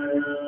Amen.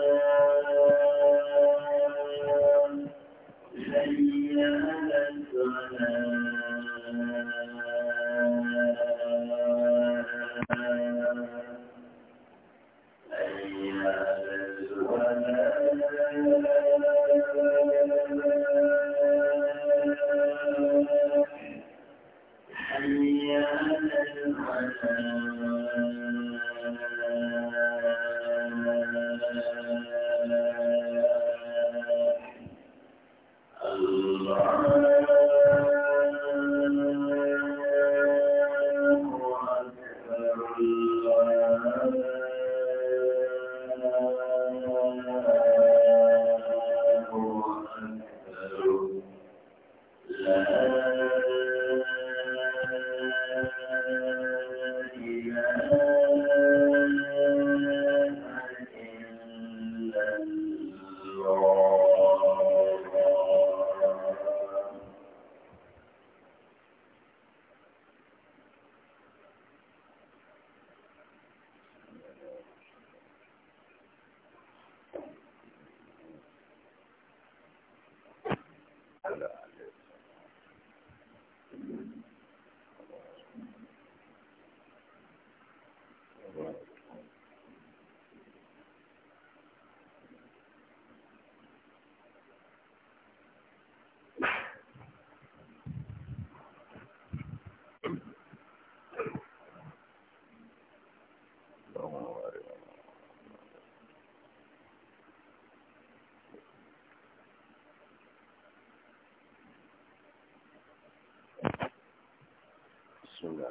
suna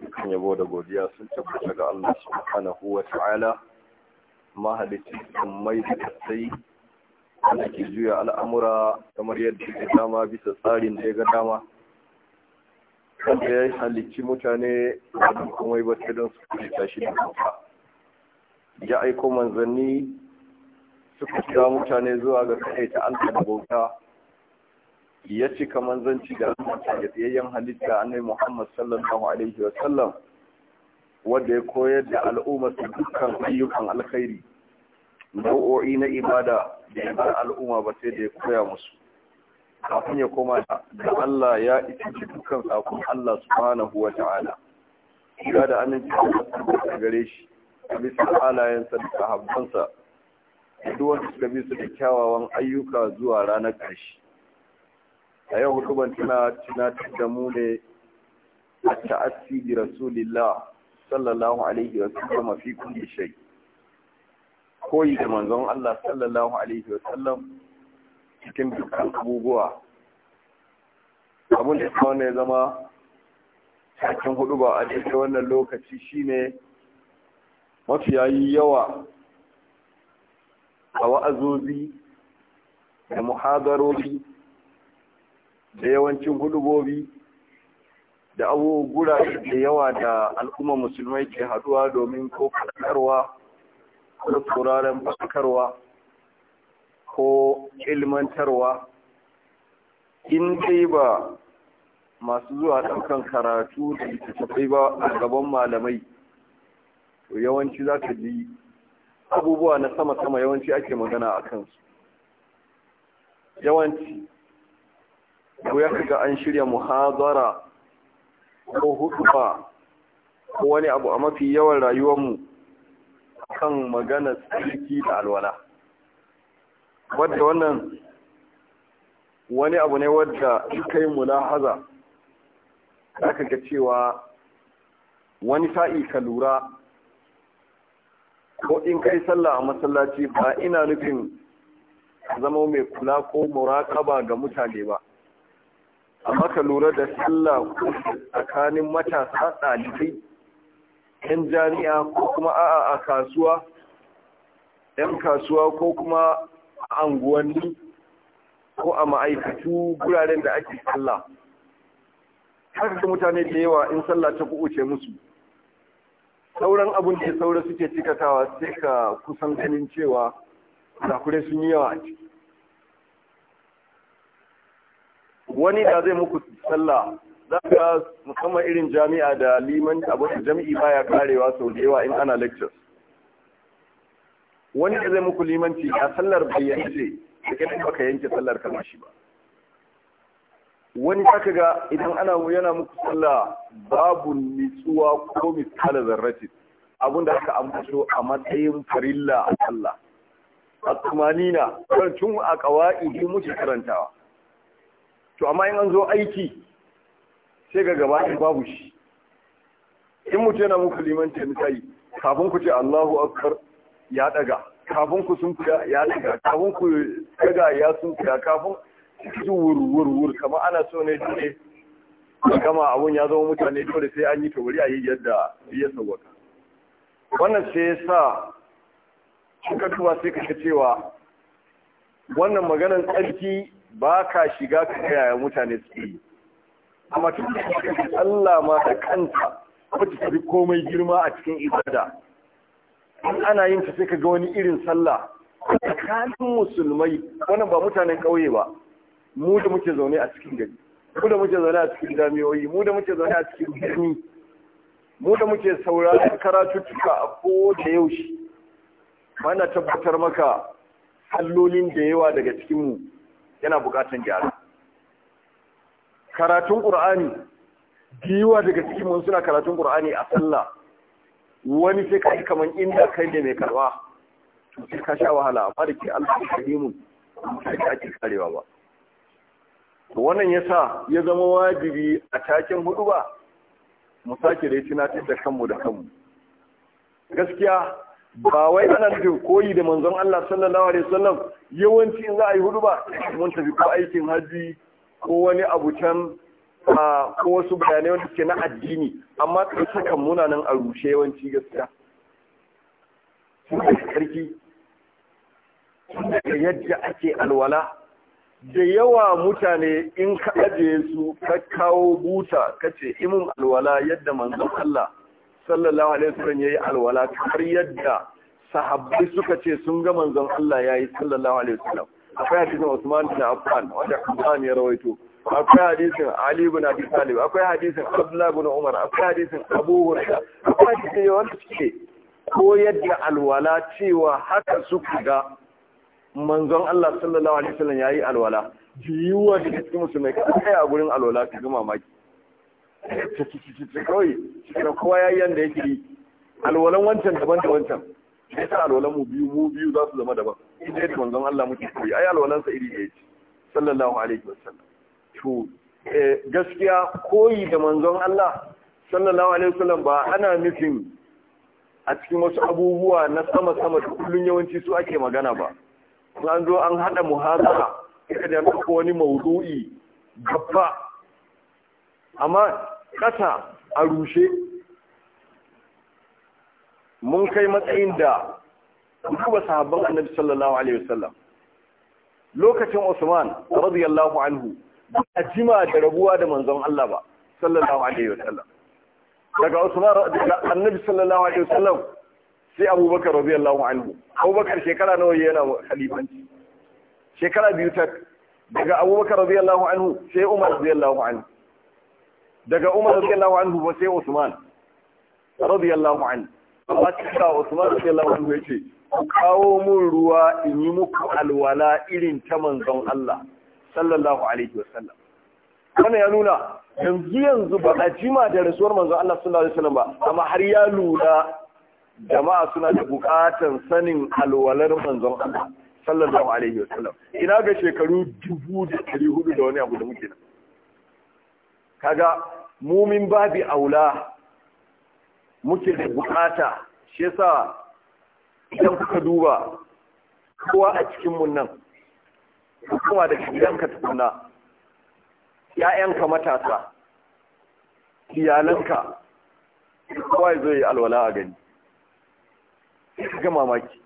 dukkan yabo da godiya sun tabbata ga Allah subhanahu wa ta'ala mahalicci mai da sai wanda ke juya al'amura kamar yadda ya dama bisa tsarin da ya ga dama wanda ya yi halicci mutane da kuma yi bata don su kuta shi da kuka ya aiko manzanni suka kira mutane zuwa ga kai ta da bauta ya cika manzanci da almata ga tsayayyen halitta annabi Muhammad sallallahu alaihi wa sallam wanda ya koyar da al'umma su dukkan ayyukan alkhairi nau'o'i na ibada da ya al'umma ba sai da ya koya musu kafin ya koma da Allah ya ita dukkan sakon Allah subhanahu wa ta'ala kira da annabi gare shi a bisa halayensa da sahabbansa duk wanda suka bi su da kyawawan ayyuka zuwa ranar karshe a yau hutuban tana tunatar da mu ne a ta'assi da rasulillah sallallahu alaihi wa sallam fi kulli shay koyi da manzon Allah sallallahu alaihi wa sallam cikin dukkan abubuwa abin da kuma ne zama cikin hudu ba a cikin wannan lokaci shine mafiya yi yawa a wa'azozi da muhadarori da yawancin hudubobi da abubuwa da yawa da al'umma musulmai ke haduwa domin ko fadakarwa ko turaren fadakarwa ko ilmantarwa in dai ba masu zuwa ɗaukan karatu da littattafai ba a gaban malamai to yawanci za ka ji abubuwa na sama-sama yawanci ake magana a kansu yawanci ko ya kaga an shirya muhazara ko hutuba ko wani abu a mafi yawan rayuwar rayuwarmu kan magana tsarki da alwala wadda wannan wani abu ne wadda kai mulahaza aka ga cewa wani sa'i ka lura ko in kai sallah a masallaci ba ina nufin zama mai kula ko muraƙaba ga mutane ba amma ka lura da sallah tsakanin matasa ɗalibai yan jami'a ko kuma a a kasuwa yan kasuwa ko kuma a anguwanni ko a ma'aikatu guraren da ake sallah haka da mutane da yawa in sallah ta kuɓuce musu sauran abin da ya saura suke cikatawa sai ka kusan ganin cewa zakure sun yi yawa a ciki wani da zai muku sallah za ka musamman irin jami'a da liman abokin jami'i baya karewa sau da yawa in ana lectures wani da zai muku limanci ya sallar bayyana ce da kai baka yanke sallar kamashi ba wani zaka ga idan ana yana muku sallah babu nitsuwa ko misala zarrati abin da aka ambato a matsayin farilla a sallah a tumanina kan tun a kawai muke karantawa to amma in an zo aiki sai ga gaba in babu shi in mutu yana muku limanta misali kafin ku ce Allahu akbar ya daga kafin ku sun fi ya daga kafin ku daga ya sun ya kafin ji wurwurwur Kama ana so ne dole kama abun ya zama mutane dole sai an yi wuri a yi yadda ya sauwaka wannan sai ya sa suka tuba sai ka cewa wannan maganar tsarki ba ka shiga ka yaya mutane suke yi amma tun da Allah ma da kanta ko ta fi komai girma a cikin ibada in ana yin ta sai ka ga wani irin sallah tsakanin musulmai wannan ba mutanen ƙauye ba mu da muke zaune a cikin gari mu da muke zaune a cikin jami'oyi mu da muke zaune a cikin birni mu da muke sauraron karatuttuka a kowace yaushe mana tabbatar maka hallolin da yawa daga cikinmu yana bukatan gyara karatun qur'ani giwa daga cikin mun suna karatun qur'ani a sallah wani sai kai kaman inda kai da mai karwa to sai ka sha wahala amma da ke Allah ya mu sai ka karewa ba to wannan yasa ya zama wajibi a cikin hudu ba mu sake dai tunatar da kanmu da kanmu gaskiya ba wai ana nufin koyi da manzon Allah sallallahu alaihi wasallam yawanci in za a yi hudu ba mun tafi ko aikin haji ko wani abu can ko wasu bayanai wanda suke na addini amma kai kan muna nan a rushe yawanci gaskiya sarki da yadda ake alwala da yawa mutane in ka ajiye su ka kawo buta ka ce imin alwala yadda manzon Allah sallallahu alaihi wasallam yayi alwala har yadda sahabbai suka ce sun ga manzon Allah yayi sallallahu alaihi wasallam akwai hadisin Usman bin Affan wanda Qur'ani ya rawaito akwai hadisin Ali bin Abi Talib akwai hadisin Abdullah bin Umar akwai hadisin Abu Hurairah akwai hadisin wanda suke ko yadda alwala cewa haka suka ga manzon Allah sallallahu alaihi wasallam yayi alwala jiwa da cikin musulmai kai a gurin alwala ka ga mamaki kawai cikin kowa ya yi yanda yake yi alwalan wancan daban da wancan sai ta alwalan mu biyu mu biyu za su zama daban in dai manzon Allah muke koyi ai alwalan sa iri ɗaya ce sallallahu alaihi wasallam to eh, gaskiya koyi da manzon Allah sallallahu alaihi wasallam ba ana nufin a cikin wasu abubuwa na sama sama da kullun yawanci su ake magana ba an zo an hada muhazara kada da wani maudu'i babba amma ƙasa a rushe mun kai matsayin da duba sahabban annabi sallallahu alaihi wasallam lokacin Usman radiyallahu anhu a jima da rabuwa da manzon Allah ba sallallahu alaihi wasallam daga Usman annabi sallallahu alaihi wasallam sai Abubakar radiyallahu anhu Abubakar shekara nawa yana khalifanci shekara biyu ta daga Abubakar radiyallahu anhu sai Umar radiyallahu anhu daga Umar radiyallahu anhu ba sai Usman radiyallahu anhu amma cikin Usman radiyallahu anhu ya ku kawo mun ruwa in yi muku alwala irin ta manzon Allah sallallahu alaihi sallam. wannan ya nuna yanzu yanzu ba a jima da rasuwar manzon Allah sallallahu alaihi sallam ba amma har ya lura jama'a suna da bukatan sanin alwalar manzon Allah sallallahu alaihi sallam. ina ga shekaru dubu da ɗari hudu da wani abu da muke nan kaga mumin babi aula muke da bukata shi yasa idan kuka duba kowa a cikin mun nan kuma da gidanka tukuna ƴaƴanka matasa iyalanka kowa zai yi alwala a gani ga mamaki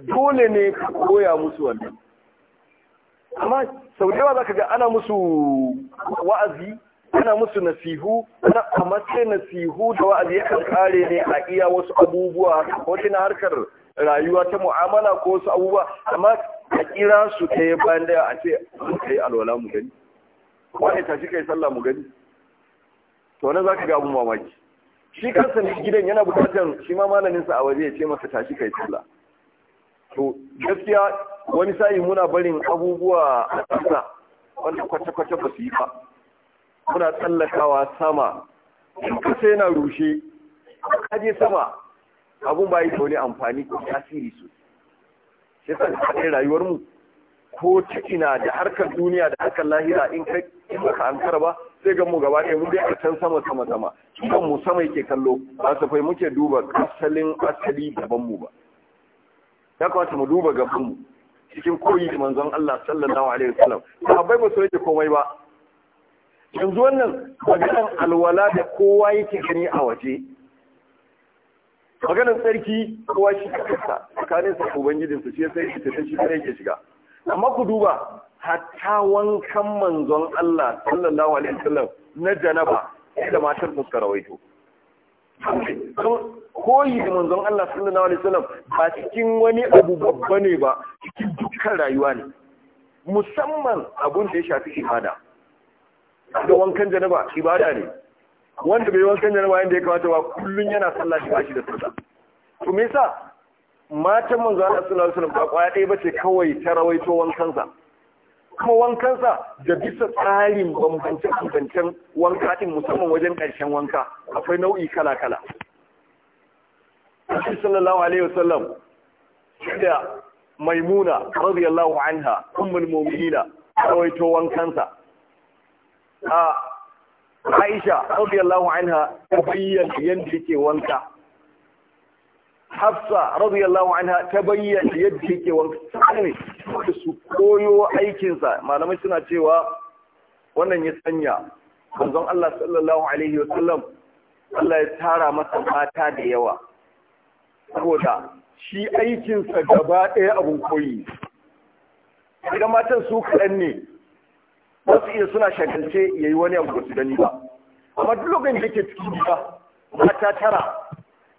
dole ne ka koya musu wannan amma sau da yawa za ka ga ana musu wa'azi ana musu nasihu amma sai nasihu da wa'azi ya kan kare ne a iya wasu abubuwa wata na harkar rayuwa ta mu'amala ko wasu abubuwa amma a kira su ta yi bayan daya a ce ka yi alwala mu gani wani tashi ka yi sallah mu gani to wani za ka ga abun mamaki shi kansa ne gidan yana bukatar shi ma malaminsa a waje ya ce masa tashi ka yi sallah to gaskiya wani sa'i muna barin abubuwa a ƙasa wanda kwace-kwace ba su yi ba muna tsallakawa sama in kasa yana rushe kaje sama abun ba yi da wani amfani ko tasiri su sai san kaɗai mu. ko ta ina da harkar duniya da harkar lahira in kai in baka ankara ba sai ga mu gaba ɗaya mun dai a can sama sama sama kan mu sama yake kallo ba su fai muke duba asalin asali gaban mu ba ya kamata mu duba gaban mu cikin koyi da manzon Allah sallallahu alaihi wasallam sahabbai ba su rage komai ba yanzu wannan maganar alwala da kowa yake gani a waje maganar tsarki kowa shi kansa tsakanin sa ubangijin su sai sai ta shi kare yake shiga amma ku duba hatta wankan manzon Allah sallallahu alaihi wasallam na janaba da matar fuskar rawaito koyi da manzon Allah sallallahu alaihi wasallam ba cikin wani abu babba ne ba cikin dukkan rayuwa ne musamman abun da ya shafi ibada da wankan janaba ibada ne wanda bai wankan janaba yanda ya kamata ba kullun yana sallah shi bashi da sallah to me yasa matan manzon Allah sallallahu alaihi wasallam ba kwaya ɗaya bace kawai ta rawaito sa? kuma wankan sa da bisa tsarin bambancin bambancen wanka din musamman wajen ƙarshen wanka akwai nau'i kala-kala Annabi sallallahu alaihi wasallam da Maimuna radiyallahu anha ummul mu'minina rawaito wankansa a Aisha radiyallahu anha ta bayyana yadda yake wanka Hafsa radiyallahu anha ta bayyana yadda yake wanka sai su koyo sa malamai suna cewa wannan ya sanya manzon Allah sallallahu alaihi wasallam Allah ya tara masa mata da yawa saboda shi aikinsa gaba ɗaya abin koyi idan matan su kaɗan ne su iya suna shagalce ya yi wani abu su gani ba amma duk lokacin da yake cikin gida mata tara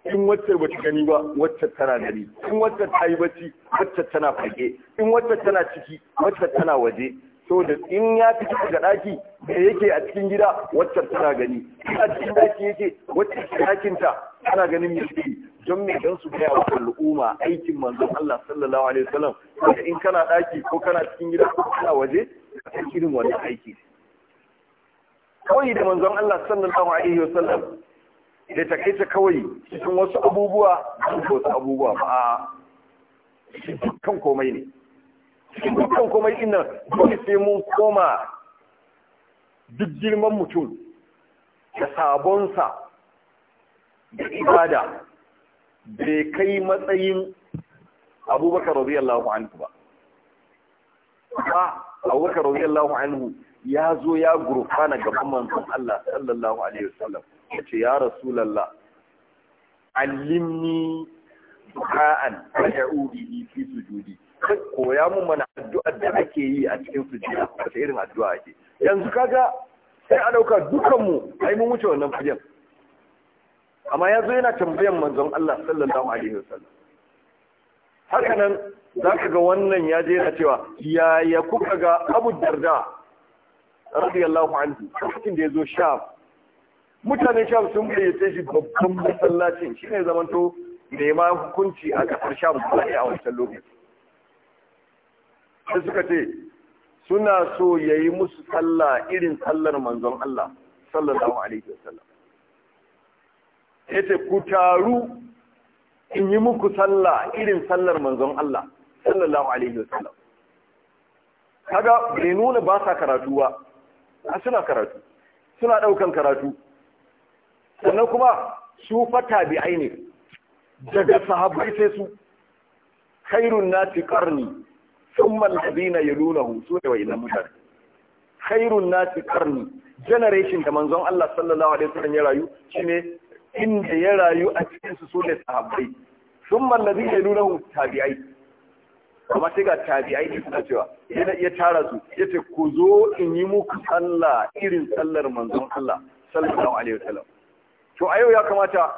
in wacce ba ta gani ba wacce tana gani in wacce ta yi bacci wacce tana fage in wacce tana ciki wacce tana waje so in ya fita daga daki da yake a cikin gida wacce tana gani a cikin daki yake wacce ɗakin tana ganin mishi don me don su gaya wa al'umma aikin manzon Allah sallallahu alaihi wasallam wanda in kana daki ko kana cikin gida ko kana waje ka san irin wannan aiki kawai da manzon Allah sallallahu alaihi wasallam da takaita kawai cikin wasu abubuwa ko wasu abubuwa ba kan komai ne cikin dukkan komai ina dole sai mun koma duk girman mutum da sabonsa da ibada bai kai matsayin abubakar radiyallahu anhu ba ba abubakar radiyallahu anhu ya zo ya gurfana gaban manzon Allah sallallahu alaihi wasallam yace ya rasulullah allimni du'a'an ad'u bihi fi sujudi koya mun mana addu'ar da ake yi a cikin sujudi ta irin addu'a ake yanzu kaga sai a dauka dukanmu ai mun wuce wannan fajen amma ya zo yana tambayan manzon Allah sallallahu alaihi wasallam haka nan za ga wannan ya je yana cewa yaya kuka ga abu darda radiyallahu anhu cikin da yazo zo mutane mutanen sham sun gayyace shi babban masallacin shi ne zamanto nema hukunci a kasar sham a wancan lokaci sai suka ce suna so ya yi musu sallah irin sallar manzon Allah sallallahu alaihi wasallam yace ku taru in yi muku sallah irin sallar manzon Allah sallallahu alaihi wasallam kaga bai nuna ba sa karatu ba a suna karatu suna daukan karatu sannan kuma su fata bi aini daga sahabbai sai su khairun nati qarni thumma alladhina yalunahu su ne wa'ina mutane khairun nati qarni generation da manzon Allah sallallahu alaihi wasallam ya rayu shine inda ya rayu a cikin su sune sahabbai sun mallabi ya nuna tabi'ai kuma sai ga tabi'ai ne suna cewa yana iya tara su ya ce ku zo in yi muku sallah irin sallar manzon Allah sallallahu alaihi wasallam to a yau ya kamata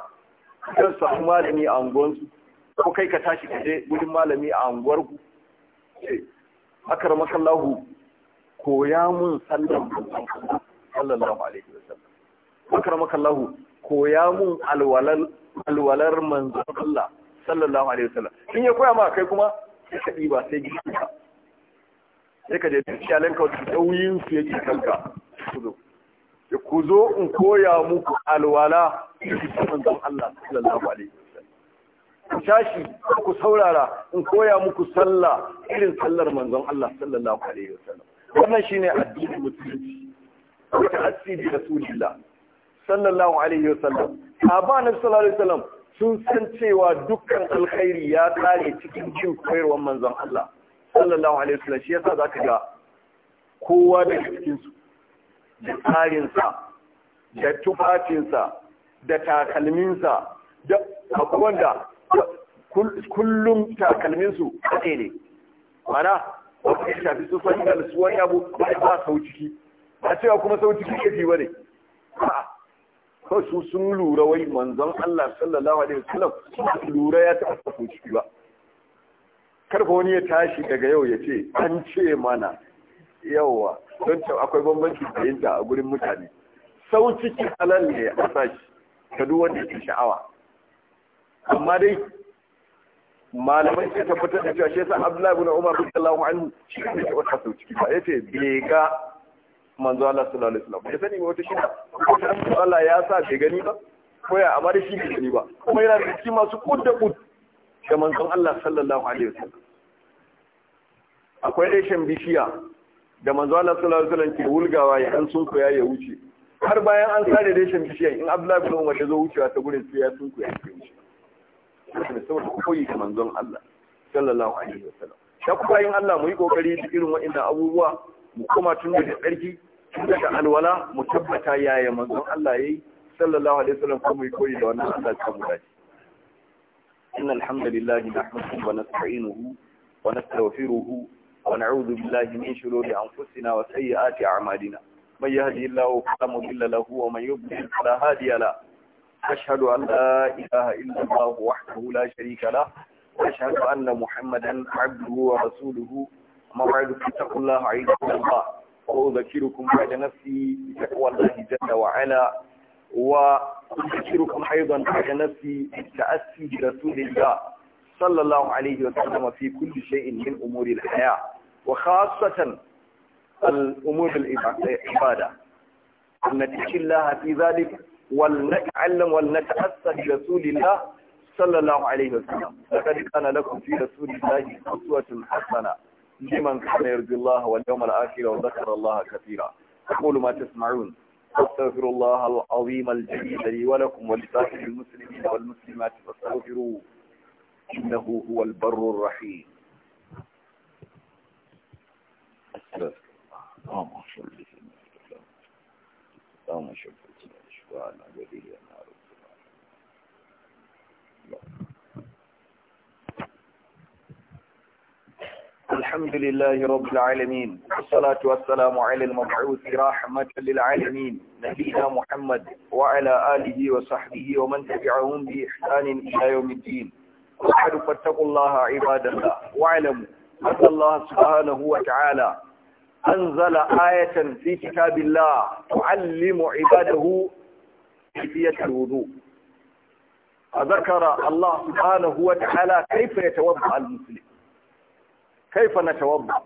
kan samu malami a su ko kai ka tashi ka je gudun malami a unguwarku eh, akar makallahu koya mun sallar manzon Allah sallallahu alaihi wasallam akar makallahu koya mun alwalar manzan manzon Allah sallallahu alaihi wasallam in ya koya ma kai kuma sai ka diba sai gidanka sai ka je dukkanin ka dauyin su yake kanka ku zo ku zo in koya muku alwala manzon Allah sallallahu alaihi wasallam ku tashi ku saurara in koya muku sallah irin sallar manzon Allah sallallahu alaihi wasallam wannan shine addinin musulunci ta asiri rasulullah sallallahu alaihi wasallam sahaba annabi sallallahu alaihi wasallam sun san cewa dukkan alkhairi ya kare cikin jin koyarwar manzon Allah sallallahu alaihi wasallam shi yasa zaka ga kowa daga cikin su da tsarinsa da sa da takalminsa da abubuwan da kullum takalminsu kaɗe ne mana wata ya shafi su san da suwan yabo ba ya ba sau ciki ba cewa kuma sau ciki ya fi ne kawai su sun lura wai manzon Allah sallallahu alaihi wasallam lura ya ta su shi ba karfa wani ya tashi daga yau ya ce an ce mana yawa don ta akwai bambanci fahimta a gurin mutane sau cikin halal ne a sashi ka duk wanda ke sha'awa amma dai malamai ke tabbatar da cewa shi yasa Abdullahi ibn Umar radiyallahu anhu shi ne ya wata sau ciki ba yace bai ga manzo Allah sallallahu alaihi wasallam sani ba wata shida ko manzo Allah ya sa bai gani ba ko ya amara shi bai gani ba kuma yana da cikin masu kudda kud da manzon Allah sallallahu alaihi wasallam akwai rashin bishiya da manzo Allah sallallahu alaihi wasallam ke wulgawa ya an sun koya ya wuce har bayan an sare rashin bishiya in Abdullahi bin Umar ya zo wucewa ta gurin sai ya sun koya ya wuce saboda koyi da manzon Allah sallallahu alaihi wasallam da kuma yin Allah mu yi kokari da irin waɗannan abubuwa mu koma tun daga tsarki tun daga alwala mu tabbata yaya manzon Allah yayi sallallahu alaihi wasallam ko mu koyi da wannan Allah ta mu dace إن الحمد لله نحمده ونستعينه ونستغفره ونعوذ بالله من شرور أنفسنا وسيئات أعمالنا من يهدي الله فلا مضل له ومن يضلل فلا هادي له أشهد أن لا إله إلا الله وحده لا شريك له وأشهد أن محمدا عبده ورسوله موعدك اتقوا الله عزكم الله وأذكركم بعد نفسي بتقوى الله جل وعلا وأذكركم أيضا بعد نفسي بالتأسي برسول الله صلى الله عليه وسلم في كل شيء من أمور الحياة وخاصة الأمور العبادة نتقي الله في ذلك ولنتعلم ولنتأسى برسول الله صلى الله عليه وسلم لقد كان لكم في رسول الله أسوة حسنة لمن كان يرجو الله واليوم الآخر وذكر الله كثيرا أقول ما تسمعون أستغفر الله العظيم الجليل لي ولكم ولسائر المسلمين والمسلمات فاستغفروه إنه هو البر الرحيم أستغفر اللهم صل اللهم صل على محمد الحمد لله رب العالمين والصلاة والسلام على المبعوث رحمة للعالمين نبينا محمد وعلى آله وصحبه ومن تبعهم بإحسان إلى يوم الدين وحد فاتقوا الله عباد الله واعلموا أن الله سبحانه وتعالى أنزل آية في كتاب الله تعلم عباده كيفية الوضوء فذكر الله سبحانه وتعالى كيف يتوضأ المسلم كيف نتوضا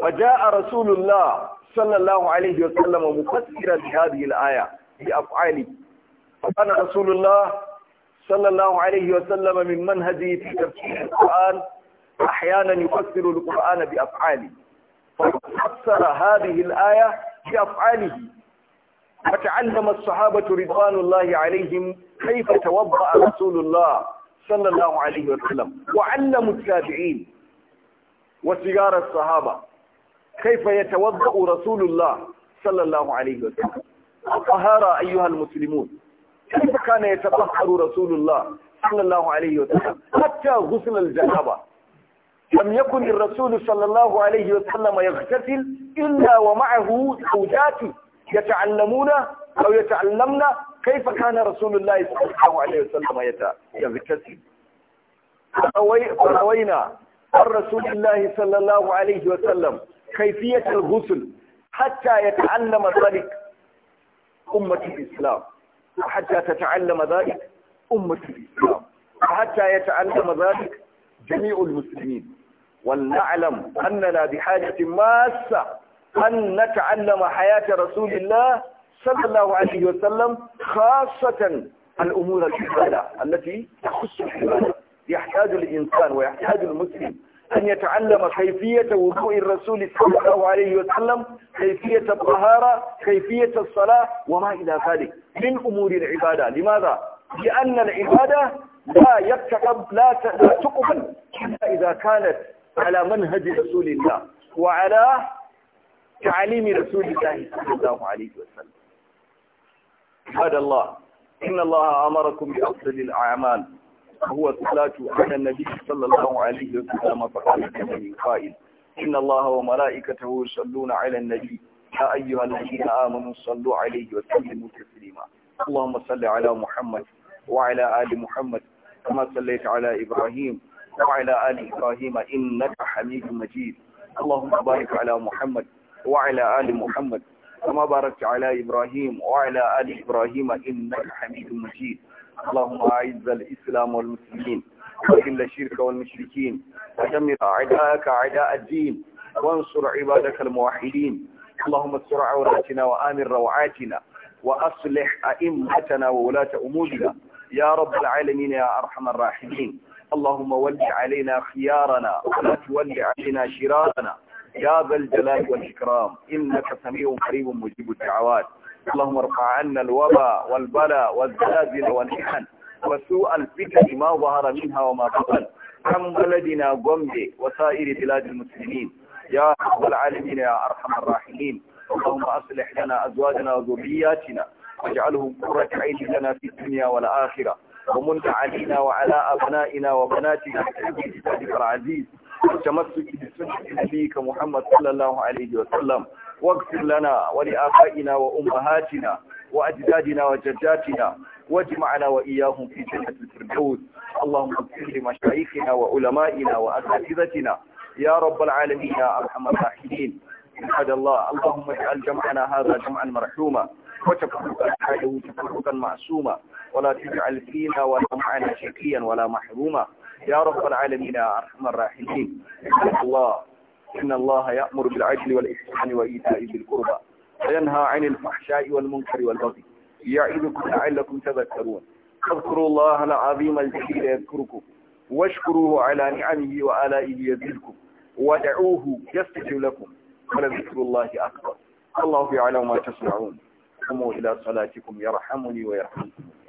فجاء رسول الله صلى الله عليه وسلم مفسرا لهذه الآية بأفعاله فكان رسول الله صلى الله عليه وسلم من منهجه في تفسير القرآن أحيانا يفسر القرآن بأفعاله ففسر هذه الآية بأفعاله فتعلم الصحابة رضوان الله عليهم كيف توضأ رسول الله صلى الله عليه وسلم وعلموا التابعين وسجار الصحابة كيف يتوضأ رسول الله صلى الله عليه وسلم الطهارة أيها المسلمون كيف كان يتطهر رسول الله صلى الله عليه وسلم حتى غسل الجنابة لم يكن الرسول صلى الله عليه وسلم يغتسل إلا ومعه زوجات يتعلمون أو يتعلمن كيف كان رسول الله صلى الله عليه وسلم يغتسل فروينا عن رسول الله صلى الله عليه وسلم كيفية الغسل حتى يتعلم ذلك أمة الإسلام وحتى تتعلم ذلك أمة الإسلام وحتى يتعلم ذلك جميع المسلمين ولنعلم أننا بحاجة ماسة أن نتعلم حياة رسول الله صلى الله عليه وسلم خاصة الأمور العبادة التي تخص العبادة يحتاج الإنسان ويحتاج المسلم أن يتعلم كيفية وضوء الرسول صلى الله عليه وسلم كيفية الطهارة كيفية الصلاة وما إلى ذلك من أمور العبادة لماذا؟ لأن العبادة لا يتقب لا تقبل إلا إذا كانت على منهج رسول الله وعلى تعليم رسول الله صلى الله عليه وسلم عباد الله إن الله أمركم بأفضل الأعمال هو الصلاة على النبي صلى الله عليه وسلم فقال من قائل إن الله وملائكته يصلون على النبي يا أيها الذين آمنوا صلوا عليه وسلموا تسليما اللهم صل على محمد وعلى آل محمد كما صليت على إبراهيم وعلى آل إبراهيم إنك حميد مجيد اللهم بارك على محمد وعلى آل محمد كما باركت على إبراهيم وعلى آل إبراهيم إنك حميد مجيد اللهم أعز الإسلام والمسلمين وإلا الشرك والمشركين ودمر أعداءك أعداء الدين وانصر عبادك الموحدين اللهم استر عوراتنا وآمن روعاتنا وأصلح أئمتنا وولاة أمورنا يا رب العالمين يا أرحم الراحمين اللهم ول علينا خيارنا ولا تول علينا شرارنا يا ذا الجلال والإكرام إنك سميع قريب مجيب الدعوات اللهم ارفع عنا الوباء والبلاء والزلازل والمحن وسوء الفتن ما ظهر منها وما بطن عن بلدنا قمبي وسائر بلاد المسلمين يا رب العالمين يا أرحم الراحمين اللهم أصلح لنا أزواجنا وذرياتنا واجعلهم قرة عين لنا في الدنيا والآخرة ومن علينا وعلى أبنائنا وبناتنا بكتابك العزيز والتمسك بسنة نبيك محمد صلى الله عليه وسلم واغفر لنا ولآبائنا وأمهاتنا وأجدادنا وجداتنا واجمعنا وإياهم في جنة الفردوس اللهم اغفر لمشايخنا وعلمائنا وأساتذتنا يا رب العالمين يا أرحم الراحمين عباد الله اللهم اجعل جمعنا هذا جمعا مرحوما وتفرقا حاله تفرقا معصوما ولا تجعل فينا ولا معنا شقيا ولا محروما يا رب العالمين يا أرحم الراحمين عباد الله إن الله يأمر بالعدل والإحسان وإيتاء ذي القربى وينهى عن الفحشاء والمنكر والبغي يعظكم لعلكم تذكرون فاذكروا الله العظيم الجليل يذكركم واشكروه على نعمه وآلائه يزدكم ودعوه يستجب لكم ولذكر الله أكبر الله يعلم ما تصنعون قوموا إلى صلاتكم يرحمني ويرحمكم